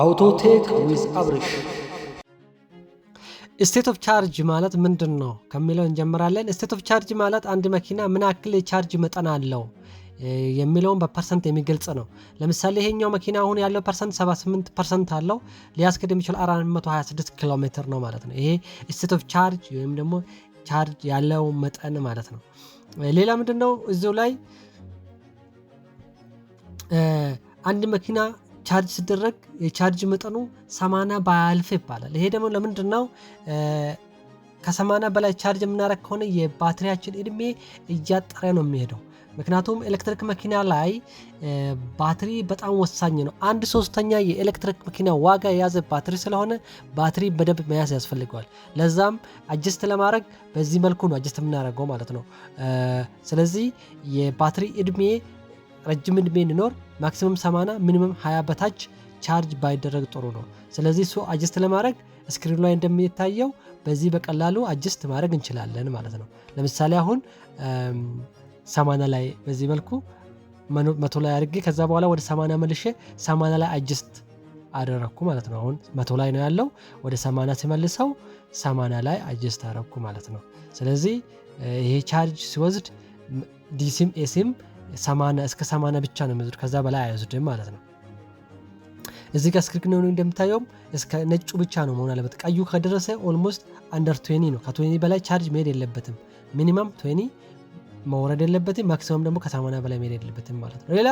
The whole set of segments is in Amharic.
አውቶቴክ ዊዝ አብርሽ ስቴት ኦፍ ቻርጅ ማለት ምንድን ነው ከሚለው እንጀምራለን። ስቴት ኦፍ ቻርጅ ማለት አንድ መኪና ምን ያክል የቻርጅ መጠን አለው የሚለውን በፐርሰንት የሚገልጽ ነው። ለምሳሌ ይሄኛው መኪና አሁን ያለው ፐርሰንት 78 ፐርሰንት አለው ሊያስከድ የሚችል 426 ኪሎ ሜትር ነው ማለት ነው። ይሄ ስቴት ኦፍ ቻርጅ ወይም ደግሞ ቻርጅ ያለው መጠን ማለት ነው። ሌላ ምንድን ነው እዚው ላይ አንድ መኪና ቻርጅ ሲደረግ የቻርጅ መጠኑ ሰማና ባያልፍ ይባላል። ይሄ ደግሞ ለምንድን ነው? ከሰማና በላይ ቻርጅ የምናደረግ ከሆነ የባትሪያችን እድሜ እያጠረ ነው የሚሄደው። ምክንያቱም ኤሌክትሪክ መኪና ላይ ባትሪ በጣም ወሳኝ ነው። አንድ ሶስተኛ የኤሌክትሪክ መኪና ዋጋ የያዘ ባትሪ ስለሆነ ባትሪ በደንብ መያዝ ያስፈልገዋል። ለዛም አጅስት ለማድረግ በዚህ መልኩ ነው አጅስት የምናደርገው ማለት ነው። ስለዚህ የባትሪ እድሜ ረጅም እድሜ እንኖር ማክሲመም 80 ሚኒመም 20 በታች ቻርጅ ባይደረግ ጥሩ ነው። ስለዚህ እሱ አጅስት ለማድረግ ስክሪኑ ላይ እንደሚታየው በዚህ በቀላሉ አጅስት ማድረግ እንችላለን ማለት ነው። ለምሳሌ አሁን 80 ላይ በዚህ መልኩ መቶ ላይ አድርጌ ከዛ በኋላ ወደ 80 መልሼ 80 ላይ አጅስት አደረግኩ ማለት ነው። አሁን መቶ ላይ ነው ያለው። ወደ 80 ሲመልሰው 80 ላይ አጀስት አደረግኩ ማለት ነው። ስለዚህ ይሄ ቻርጅ ሲወስድ ዲሲም ኤሲም እስከ ሰማንያ ብቻ ነው የሚወስድ ከዛ በላይ አይወስድም ማለት ነው። እዚህ ጋር ስክሪን ነው እንደምታየውም እስከ ነጩ ብቻ ነው መሆን አለበት። ቀዩ ከደረሰ ኦልሞስት አንደር ቶኒ ነው። ከቶኒ በላይ ቻርጅ መሄድ የለበትም። ሚኒማም ቶኒ መውረድ የለበትም። ማክሲመም ደግሞ ከሰማንያ በላይ መሄድ የለበትም ማለት ነው። ሌላ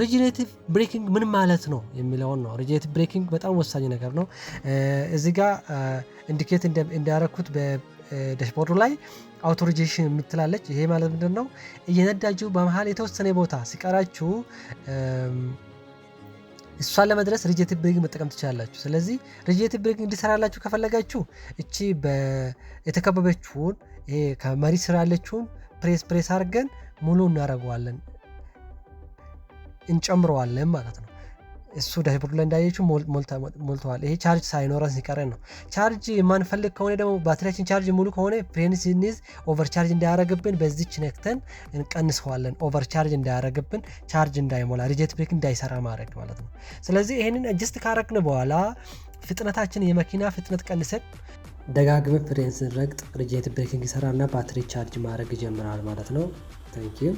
ሪጅኔቲቭ ብሬኪንግ ምን ማለት ነው የሚለውን ነው። ሪጅኔቲቭ ብሬኪንግ በጣም ወሳኝ ነገር ነው። እዚ ጋ ኢንዲኬት እንዳያረኩት በደሽቦርዱ ላይ አውቶሪዜሽን የምትላለች። ይሄ ማለት ምንድን ነው? እየነዳችሁ በመሀል የተወሰነ ቦታ ሲቀራችሁ እሷን ለመድረስ ሪጅኔቲቭ ብሬኪንግ መጠቀም ትችላላችሁ። ስለዚህ ሪጅኔቲቭ ብሬኪንግ እንዲሰራላችሁ ከፈለጋችሁ እቺ የተከበበችውን ይሄ ከመሪ ስራ ያለችውን ፕሬስ ፕሬስ አድርገን ሙሉ እናደርገዋለን እንጨምረዋለን ማለት ነው። እሱ ዳሽቦርድ ላይ እንዳየችው ሞልተዋል። ይሄ ቻርጅ ሳይኖረን ሲቀረን ነው። ቻርጅ የማንፈልግ ከሆነ ደግሞ ባትሪያችን ቻርጅ ሙሉ ከሆነ ፕሬን ሲኒዝ ኦቨር ቻርጅ እንዳያደረግብን በዚች ነክተን እንቀንሰዋለን። ኦቨር ቻርጅ ቻርጅ እንዳይሞላ፣ ሪጀት ብሬክ እንዳይሰራ ማድረግ ማለት ነው። ስለዚህ ይህንን ጅስት ካረግን በኋላ ፍጥነታችን የመኪና ፍጥነት ቀንሰን ደጋግመ ፍሬን ስንረግጥ ሪጀክት ብሬኪንግ ይሰራና ባትሪ ቻርጅ ማድረግ ይጀምራል ማለት ነው። ታንኪ ዩ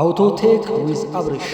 አውቶቴክ ዊዝ አብሪሽ